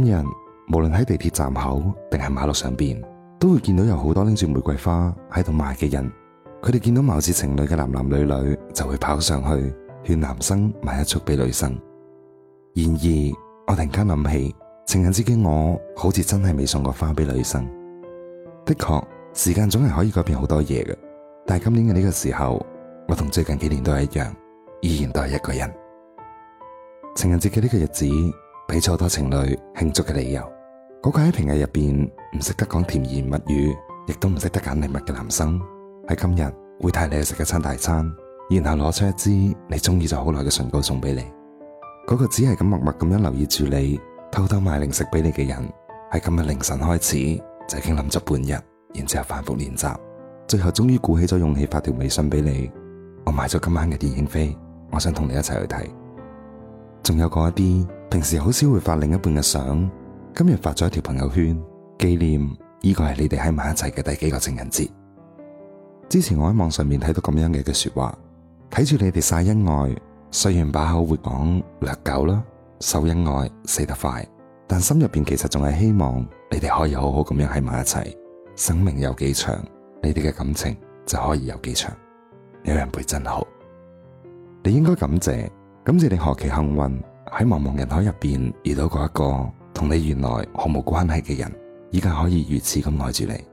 今日無論喺地鐵站口定係馬路上邊，都會見到有好多拎住玫瑰花喺度賣嘅人。佢哋見到貌似情侶嘅男男女女，就會跑上去勸男生買一束俾女生。然而，我突然間諗起，情人節嘅我好似真係未送過花俾女生。的確，時間總係可以改變好多嘢嘅，但係今年嘅呢個時候，我同最近幾年都係一樣，依然都係一個人。情人節嘅呢個日子。俾咗多情侶慶祝嘅理由，嗰個喺平日入邊唔識得講甜言蜜語，亦都唔識得揀禮物嘅男生，喺今日會帶你去食一餐大餐，然後攞出一支你中意咗好耐嘅唇膏送俾你。嗰個只係咁默默咁樣留意住你，偷偷買零食俾你嘅人，喺今日凌晨開始就已經諗咗半日，然之後反覆練習，最後終於鼓起咗勇氣發條微信俾你：我買咗今晚嘅電影飛，我想同你一齊去睇。仲有嗰一啲。平時好少會發另一半嘅相，今日發咗一條朋友圈紀念，依個係你哋喺埋一齊嘅第幾個情人節。之前我喺網上面睇到咁樣嘅句說話，睇住你哋晒恩愛，雖然把口會講虐狗啦，秀恩愛死得快，但心入邊其實仲係希望你哋可以好好咁樣喺埋一齊。生命有幾長，你哋嘅感情就可以有幾長。有人陪真好，你應該感謝，感謝你何其幸運。喺茫茫人海入邊遇到過一個同你原來毫無關係嘅人，依家可以如此咁愛住你，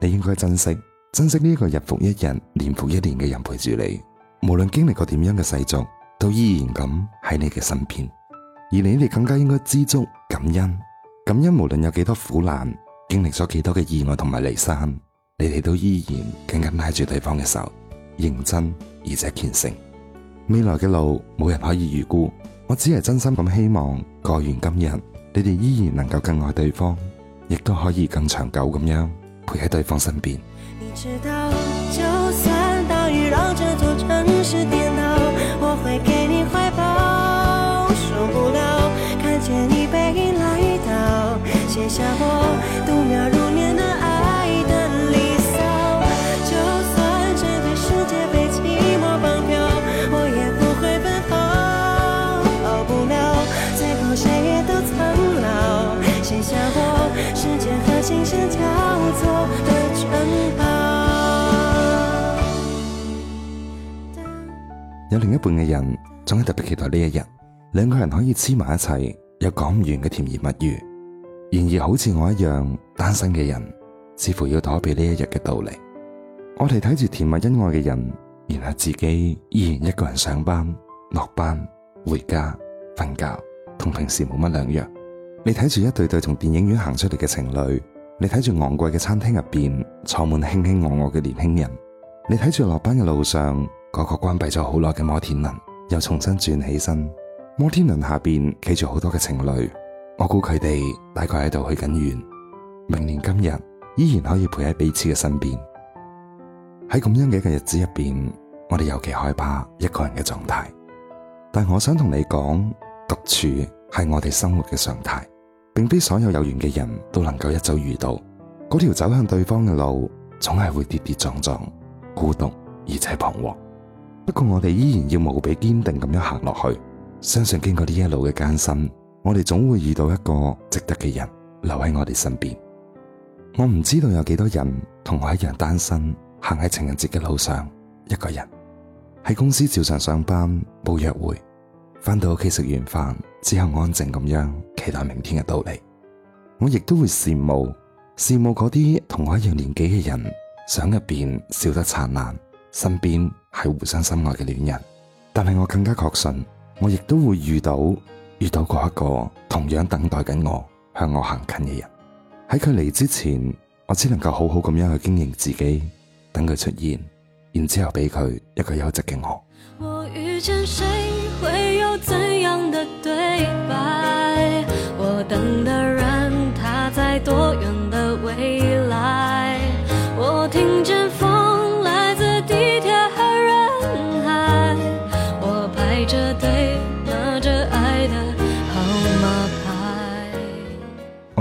你應該珍惜珍惜，呢個日復一日，年復一年嘅人陪住你。無論經歷過點樣嘅世俗，都依然咁喺你嘅身邊。而你哋更加應該知足感恩，感恩無論有幾多苦難，經歷咗幾多嘅意外同埋離散，你哋都依然緊緊拉住對方嘅手，認真而且虔誠。未來嘅路冇人可以預估。我只係真心咁希望過完今日，你哋依然能夠更愛對方，亦都可以更長久咁樣陪喺對方身邊。有另一半嘅人，總係特別期待呢一日，兩個人可以黐埋一齊，有講唔完嘅甜言蜜語。然而，好似我一樣單身嘅人，似乎要躲避呢一日嘅到嚟。我哋睇住甜蜜恩愛嘅人，然後自己依然一個人上班、落班、回家、瞓覺，同平時冇乜兩樣。你睇住一對對從電影院行出嚟嘅情侶，你睇住昂貴嘅餐廳入邊坐滿卿卿我我嘅年輕人，你睇住落班嘅路上。個個關閉咗好耐嘅摩天輪又重新轉起身，摩天輪下邊企住好多嘅情侶，我估佢哋大概喺度許緊願，明年今日依然可以陪喺彼此嘅身邊。喺咁樣嘅一個日子入邊，我哋尤其害怕一個人嘅狀態。但我想同你講，獨處係我哋生活嘅常態，並非所有有緣嘅人都能夠一早遇到。嗰條走向對方嘅路，總係會跌跌撞撞、孤獨而且彷徨。不過我哋依然要無比堅定咁樣行落去，相信經過呢一路嘅艱辛，我哋總會遇到一個值得嘅人留喺我哋身邊。我唔知道有幾多人同我一樣單身，行喺情人節嘅路上，一個人喺公司照常上班，冇約會，返到屋企食完飯之後安靜咁樣期待明天嘅到嚟。我亦都會羨慕羨慕嗰啲同我一樣年紀嘅人，想入邊笑得燦爛，身邊。係互相深愛嘅戀人，但係我更加確信，我亦都會遇到，遇到過一個同樣等待緊我，向我行近嘅人。喺佢嚟之前，我只能夠好好咁樣去經營自己，等佢出現，然之後俾佢一個優質嘅我。我遇見誰會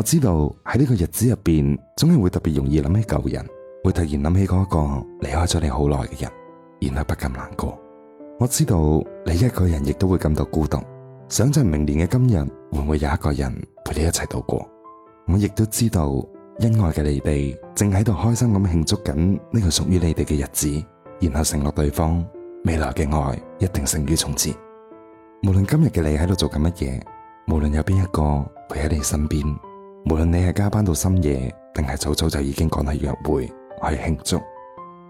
知道喺呢個日子入邊，總係會特別容易諗起舊人，會突然諗起嗰一個離開咗你好耐嘅人，然後不禁難過。我知道你一個人亦都會感到孤獨，想象明年嘅今日會唔會有一個人陪你一齊度過。我亦都知道，恩愛嘅你哋正喺度開心咁慶祝緊呢個屬於你哋嘅日子，然後承諾對方未來嘅愛一定勝於從前。無論今日嘅你喺度做緊乜嘢，無論有邊一個陪喺你身邊。無論你係加班到深夜，定係早早就已經趕去約會去慶祝，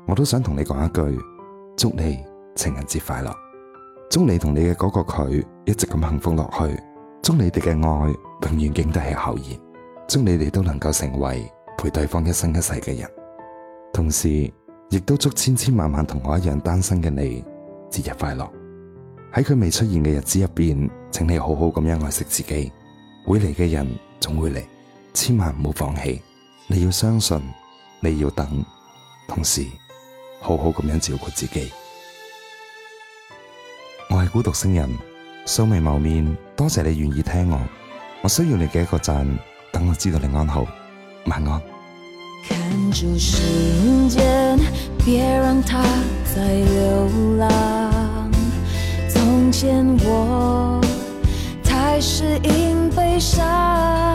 我都想同你講一句，祝你情人節快樂，祝你同你嘅嗰個佢一直咁幸福落去，祝你哋嘅愛永遠經得起考驗，祝你哋都能夠成為陪對方一生一世嘅人，同時亦都祝千千萬萬同我一樣單身嘅你節日快樂。喺佢未出現嘅日子入邊，請你好好咁樣愛惜自己，會嚟嘅人總會嚟，千萬唔好放棄，你要相信，你要等，同時好好咁樣照顧自己。我係孤獨星人，素未謀面，多謝你願意聽我。我需要你嘅一個讚，等我知道你安好，晚安。看住時間，別讓他再流浪。從前我太適應悲傷。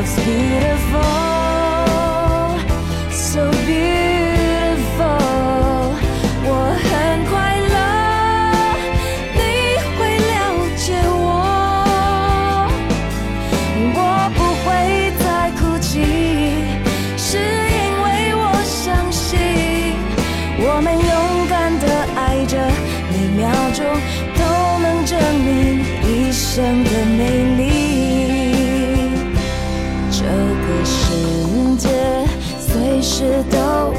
It's beautiful, so beautiful, so beautiful. 我很快樂，你會了解我。我不會再哭泣，是因為我相信，我們勇敢的愛着，每秒鐘都能證明一生的美麗。直到。